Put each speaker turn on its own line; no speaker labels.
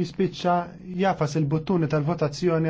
jispiċċa jafas il-buttuni tal-votazzjoni